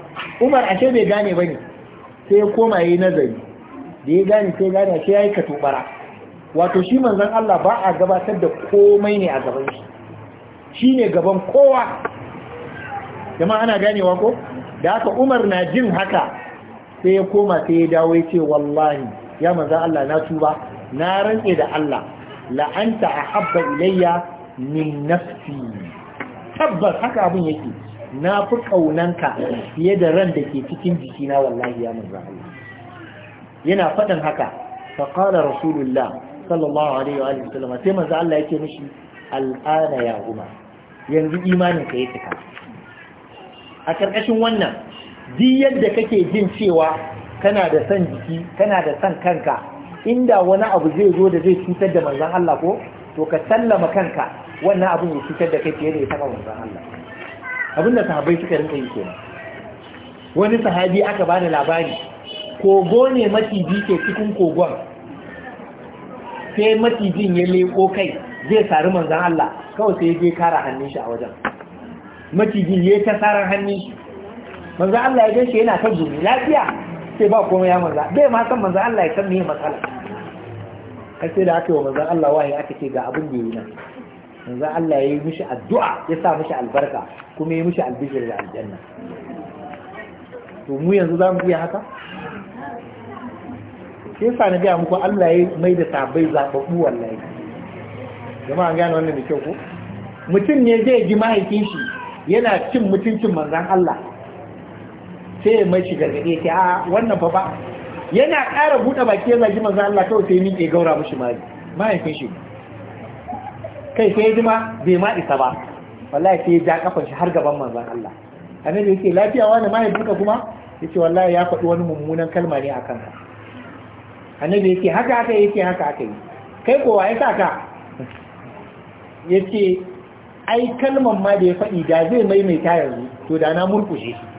Umar ashe bai gane bane sai ya koma yayi nazari da ya gane sai gane sai yayi tubara wato shi manzon Allah ba a gabatar da komai ne a gaban shi shine gaban kowa jama'a ana ganewa ko da haka Umar na jin haka sai ya koma sai ya dawo ya ce wallahi ya manzan Allah na tuba na rantse da Allah la'anta a habba ilayya min nafsi tabbas haka abin yake na fi kaunanka fiye da ran da ke cikin jikina wallahi ya manzan Allah yana faɗin haka faƙala rasulullah sallallahu alaihi wa sallam sai manzan Allah yake mishi al'ana ya umar yanzu imanin ka ya cika a ƙarƙashin wannan duk yadda kake jin cewa kana da san jiki kana da san kanka inda wani abu zai zo da zai cutar da manzan Allah ko to ka sallama kanka wannan abin ya cutar da kai fiye da ya taba Allah abin da sahabbai suka rinka yi kenan wani sahabi aka bani labari kogo ne maciji ke cikin kogon sai macijin ya leko kai zai sari manzan Allah kawai sai ya je kara hannun shi a wajen macijin ya ta tsarin hannun manzo Allah ya shi yana ta zumi lafiya sai ba komai ya manzo bai ma san manzo Allah ya san me matsala kai sai da aka yi manzo Allah wahayi aka ce ga abin da yi nan manzo Allah ya yi mishi addu'a ya sa mishi albarka kuma ya mishi albishir da aljanna to mu yanzu za mu iya haka sai yasa na gaya muku Allah ya mai da sabai zaɓaɓɓu wallahi jama'a an gane wannan da kyau ko mutum ne zai ji mahaifin shi yana cin mutuncin manzan Allah sai ya mai shi gargaɗe ta ah, a wannan fa ba yana ƙara buɗe baki ya zagi manzo Allah kawai sai miƙe gaura mishi ma mahaifin shi kai sai ji ma bai ma isa ba wallahi sai ya ja kafan shi har gaban manzon Allah annabi yake lafiya wani mahaifinka kuma ce wallahi ya faɗi wani mummunan kalma ne akan ka annabi yake haka haka yake haka haka yi kai kowa ya sa ka yace ai kalman ma da ya faɗi da zai maimaita yanzu to da na murkushe shi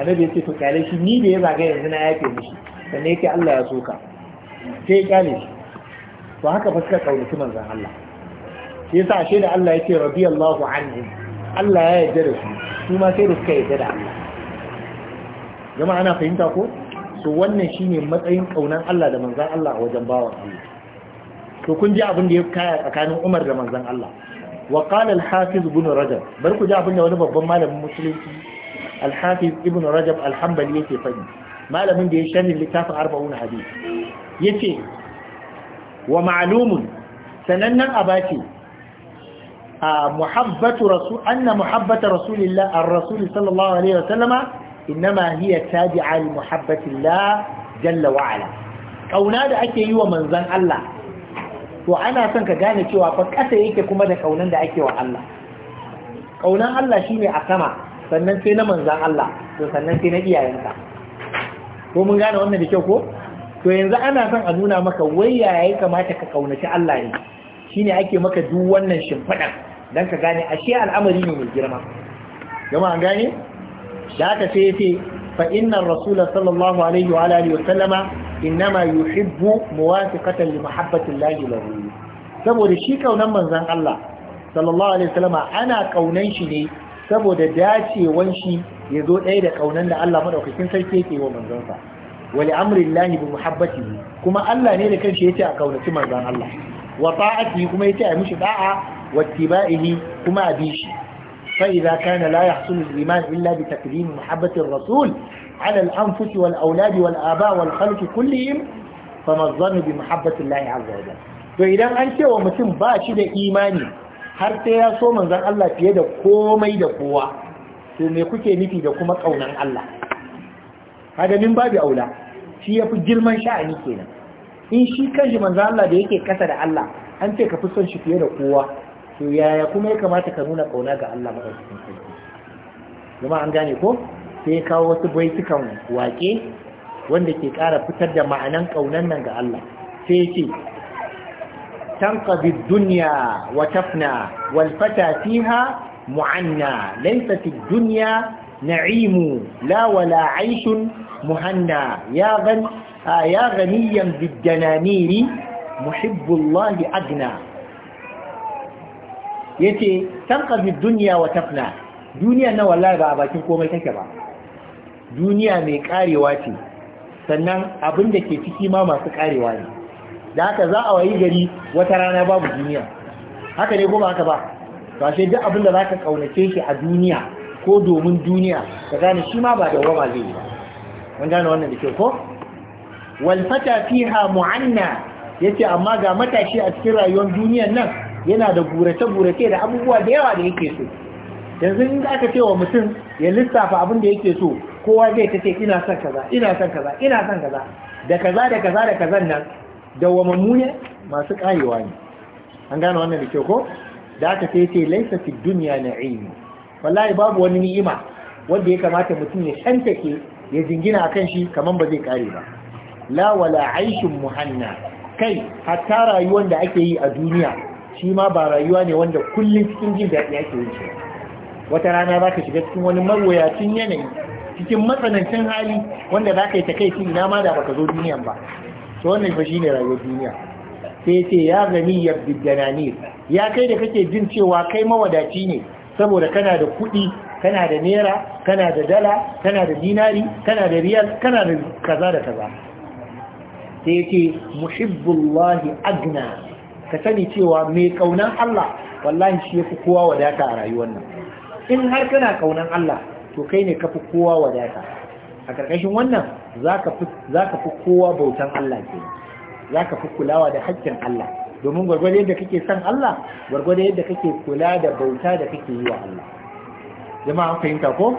annabi ya ce to kyale shi ni da ya zaga yanzu na yafe mishi sannan yake Allah ya soka sai ya kyale shi to haka ba suka kaunaci manzon Allah sai yasa ashe da Allah ya ce radiyallahu anhu Allah ya yarda da su su ma sai da suka yarda da Allah jama'a ana fahimta ko to wannan shine matsayin kaunan Allah da manzon Allah a wajen bawan Allah to kun ji abin da ya kaya tsakanin Umar da manzon Allah wa qala al-hafiz ibn rajab bar ku ji abin da wani babban malamin musulunci alhafiz ibn rajab alhambali yake fadi malamin da ya sharhin littafin arba'un hadith yace wa ma'lumun sanannan abace a muhabbatu rasul anna muhabbata rasulillah ar-rasul sallallahu alaihi wasallama inma hiya tabi'a li muhabbatillah jalla wa ala kauna da ake yi wa manzon Allah to ana son ka gane cewa fa kasa yake kuma da kaunan da ake wa Allah kaunan Allah shine a sama sannan sai na manzan Allah to sannan sai na iyayenka ko mun gane wannan da kyau ko to yanzu ana son a nuna maka wai yaya ya kamata ka kaunaci Allah ne shine ake maka duk wannan shimfiɗan dan ka gane ashe al'amari ne mai girma jama'a an gane da haka sai yace fa innar rasul sallallahu alaihi wa alihi wa sallama innama yuhibbu muwafiqatan li mahabbati lahu saboda shi kaunan manzon Allah sallallahu alaihi wa sallama ana kaunan shi ne saboda dacewan shi ya zo ɗaya da ƙaunan da Allah maɗaukakin sarki yake wa manzonsa wali amrin lahi bi muhabbatihi kuma Allah ne da kanshi yace a kaunaci manzon Allah wa ta'atihi kuma yace a mishi da'a wa tiba'ihi kuma a bi shi fa idza kana la yahsulu al-iman illa bi taqdim muhabbati ar-rasul ala al-anfus wal awlad wal aba wal khalq kullihim fa mazzanu bi muhabbati Allah azza wa jalla to idan an ce wa mutum ba shi da imani har sai ya so manzan Allah fiye da komai da kowa sai me kuke nufi da kuma kaunan Allah kaga babu aula shi ya fi girman sha'ani kenan in shi kanshi manzan Allah da yake kasa da Allah an ce ka fi son shi fiye da kowa to yaya kuma ya kamata ka nuna ƙauna ga Allah cikin sarki kuma an gane ko sai ya kawo wasu baitukan wake wanda ke ƙara fitar da ma'anan ƙaunan nan ga Allah sai ce تنقضي الدنيا وتفنى والفتى فيها معنى ليست الدنيا نعيم لا ولا عيش مهنى يا غن يا غنيا بالدنانير محب الله أغنى yace tanqadi dunya wa duniya na wallahi a bakin komai take ba duniya mai karewa ce sannan abin ke ciki ma masu karewa ne da haka za a wayi gari wata rana babu duniya haka ne ko ba haka ba ba sai duk abin da za ka kaunace shi a duniya ko domin duniya ka gane shi ma ba da dawama zai yi ba mun gane wannan da kyau ko wal fata fiha mu'anna yace amma ga matashi a cikin rayuwar duniyar nan yana da gurace gurace da abubuwa da yawa da yake so yanzu in ka ce wa mutum ya lissafa abin da yake so kowa zai ta ce ina son kaza ina son kaza ina son kaza da kaza da kaza da kazan nan dawwamammu ne masu karewa ne an gane wannan da kyau ko da aka sai ce laisa fi na aini wallahi babu wani ni'ima wanda ya kamata mutum ya shantake ya jingina a kan shi kamar ba zai kare ba la wala aishin muhanna kai hatta rayuwar da ake yi a duniya shi ma ba rayuwa ne wanda kullum cikin jin daɗi ake yin shi wata rana za ka shiga cikin wani mawuyacin yanayi cikin matsanancin hali wanda za ka yi ta takaici ina ma da baka zo duniyan ba to wannan fa shine rayuwar duniya sai ce ya gani ya bidanani ya kai da kake jin cewa kai mawadaci ne saboda kana da kuɗi kana da naira kana da dala kana da dinari kana da riyal kana da kaza da kaza sai yake muhibbullahi agna ka sani cewa mai kaunan Allah wallahi shi yafi kowa wadata a rayuwar nan in har kana kaunan Allah to kai ne kafi kowa wadata a karkashin wannan za ka fi kowa bautan Allah ke za ka fi kulawa da haƙƙin Allah domin gwargwado yadda kake son Allah gwargwado yadda kake kula da bauta da kake yi wa Allah jama'a an fahimta ko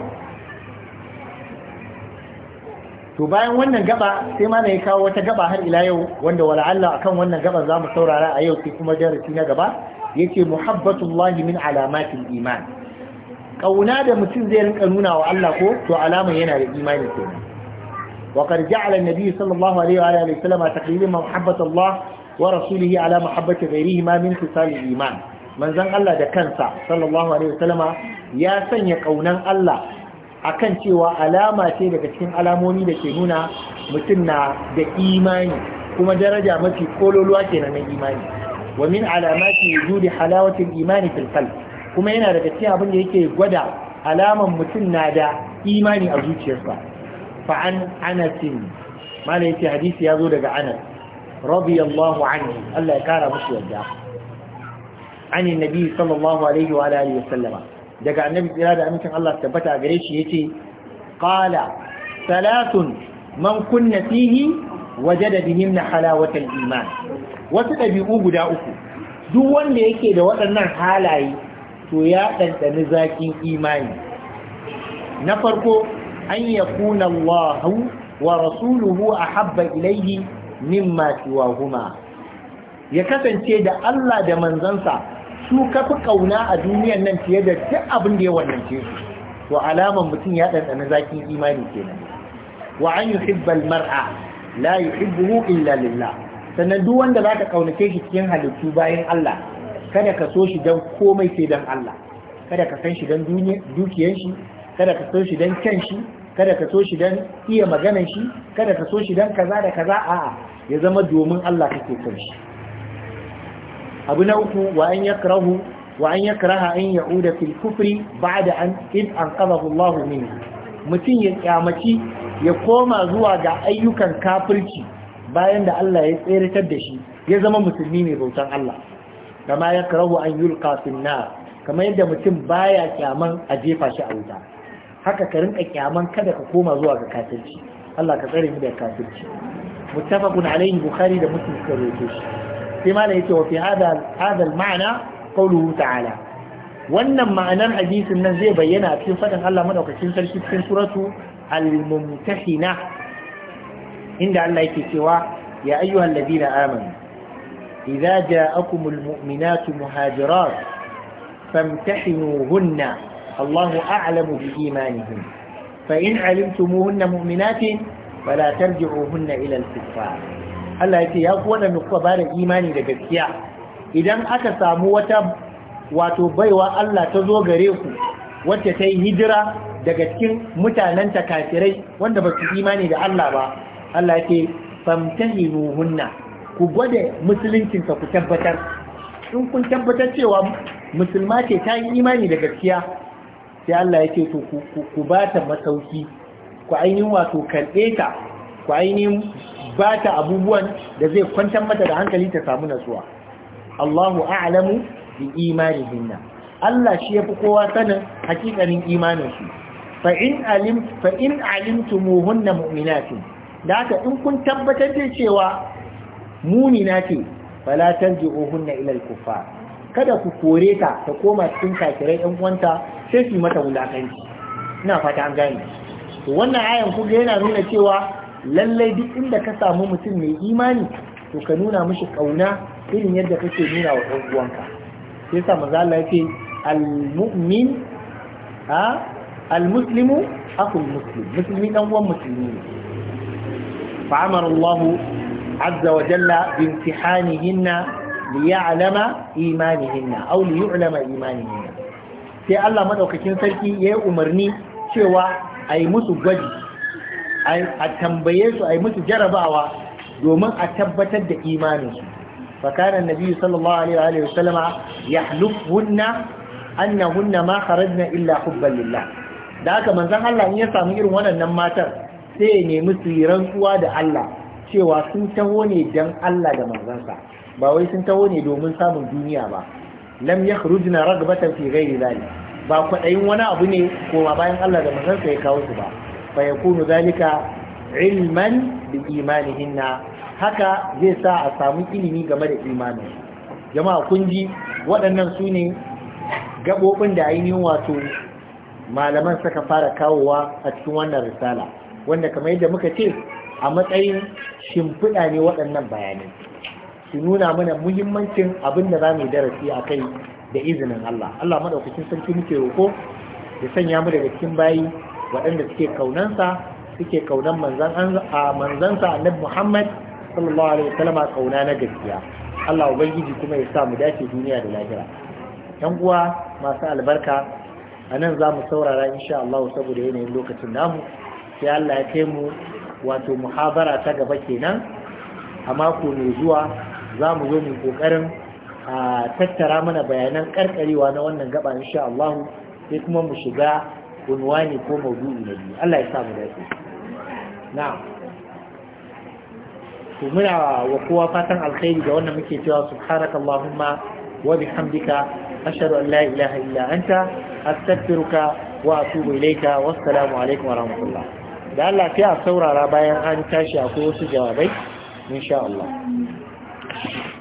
to bayan wannan gaba sai ma na ya kawo wata gaba har ila yau wanda wala Allah akan wannan gaba za mu saurara a yau sai kuma darasi na gaba ya ce muhabbatullahi min alamatin iman kauna da mutum zai rinka nuna wa Allah ko to alama yana da imani kenan وقد جعل النبي صلى الله عليه وعلى اله وسلم تقريبا محبة الله ورسوله على محبة غيرهما من خصال الإيمان من زن الله ده كنسا صلى الله عليه وسلم يا سن يقونا الله akan cewa alama ce daga cikin alamomi da ke nuna mutum na da imani kuma daraja mafi kololuwa kenan na imani wa min alamati wujudi halawatil imani fil qalb kuma yana daga cikin abin da yake gwada alaman mutum na da imani a zuciyarsa fa'an anasin mana yace hadisi ya zo daga anas Rabi radiyallahu anhu Allah ya kara mushi yadda ani nabi sallallahu alaihi wa alihi wa sallama daga annabi tsira da amincin Allah tabbata gare shi yace qala salatun man kunna fihi wajada bihim halawatal iman wasu dabi'u guda uku duk wanda yake da waɗannan halaye to ya ɗanɗani zakin imani na farko an yakuna Allah wa rasuluhu ilaihi, ilayhi mimma siwahuma ya kasance da Allah da manzansa su kafi kauna a duniyan nan fiye da duk abin da ya wannance su to alaman mutum ya ɗanɗana zakin imani kenan wa an yuhibbal mar'a la yuhibbuhu illa lillah sannan duk wanda zaka kaunace shi cikin halittu bayan Allah kada ka so shi dan komai sai dan Allah kada ka san shi dan dukiyan shi kada ka san shi dan kyan shi kada ka so shi dan iya maganar shi kada ka so shi dan kaza da kaza a'a ya zama domin Allah kake son shi abu na uku wa an yakrahu wa an yakraha an ya'uda fil kufri ba'da an id an Allah min mutum ya kyamaci ya koma zuwa ga ayyukan kafirci bayan da Allah ya tsiratar da shi ya zama musulmi mai bautan Allah kama yakrahu an yulqa fil nar kamar yadda mutum baya kyaman a jefa shi a wuta haka ka rinka kyaman kada ka koma zuwa ga kafirci Allah ka tsare mu da kafirci muttafaqun alayhi bukhari da muslim suka rawaito shi sai ma yake wa fi hada ma'ana qawluhu ta'ala wannan ma'anar hadisin nan zai bayyana a cikin fadin Allah madaukakin sarki cikin suratu al-mumtahina inda Allah yake cewa ya ayyuhal ladina amanu idza ja'akumul mu'minatu muhajirat famtahinuhunna الله أعلم بإيمانهم فإن علمتموهن مؤمنات فلا ترجعوهن إلى الكفار Allah yake ya kuwa da nuka ba da imani da gaskiya idan aka samu wata wato baiwa Allah ta zo gare ku wacce ta yi hijira daga cikin mutanen ta kafirai wanda ba su imani da Allah ba Allah yake famtahinu hunna ku gwada musuluncin ku tabbatar in kun tabbatar cewa musulma ce ta yi imani da gaskiya sai Allah ya ce to ku ba ta masauki ku ainihin wato karɓe ta ku ainihin ba ta abubuwan da zai kwantar mata da hankali ta samu nasuwa Allahu a'lamu bi imanihinna Allah shi yafi kowa sanin hakikanin imanin su fa in alim fa in alimtumuhunna mu'minatin da haka in kun tabbatar da cewa mu'mina ce fala tanji'uhunna ila al-kuffar kada ku kore ta ta koma cikin kakirai ɗan uwanta sai su yi mata wulakanci ina fata an gane wannan ayan kuga yana nuna cewa lallai duk inda ka samu mutum mai imani to ka nuna mishi kauna irin yadda kake nuna wa ɗan uwanka sai sa maza Allah yake al-mu'min a al-muslimu muslim musulmi dan uwan musulmi ne fa amara Allah azza wa jalla bi imtihanihinna liya'lama imanihinna aw liyu'lama imanihinna sai Allah madaukakin sarki ya yi umarni cewa a yi musu gwaji a tambaye a yi musu jarrabawa domin a tabbatar da imaninsu fakanan nabi sallallahu alaihi wa sallama ya hulunna annahunna illa hubban lillah da haka manzon Allah in ya samu irin waɗannan matar sai ya nemi su yi rantsuwa da Allah cewa sun taho ne dan Allah da manzansa ba wai sun taho ne domin samun duniya ba lam yakhrujna ragbatan fi ghairi zali. ba kwaɗayin wani abu ne koma bayan Allah da manzansa ya kawo su ba fa yakunu zalika ilman bi hinna, haka zai sa a samu ilimi game da imanin jama'a kun ji waɗannan su ne gaɓoɓin da ainihin wato malaman suka fara kawowa a cikin wannan risala wanda kamar yadda muka ce a matsayin shimfiɗa ne waɗannan bayanai su nuna mana muhimmancin abin da za mu yi darasi a kai da izinin Allah Allah maɗaukacin sarki muke roƙo da sanya mu daga cikin bayi waɗanda suke kaunansa suke kaunan manzansa annabi Muhammad sallallahu alaihi wasallam kauna na gaskiya Allah ubangiji kuma ya sa mu dace duniya da lahira yan uwa masu albarka a nan za mu saurara insha Allah saboda yanayin lokacin namu sai Allah ya kai mu wato muhabara ta gaba kenan a mako mai zuwa za mu zo mu kokarin a tattara mana bayanan karkarewa na wannan gaba insha Allah sai kuma mu shiga unwani ko maudu'i na biyu Allah ya sa mu dace na'am to muna wa kowa fatan alkhairi da wannan muke cewa subhanakallahumma wa bihamdika ashhadu an la ilaha illa anta astaghfiruka wa atubu ilayka wassalamu alaikum wa rahmatullah da Allah sai a saurara bayan an tashi akwai wasu jawabai insha Allah Thank you.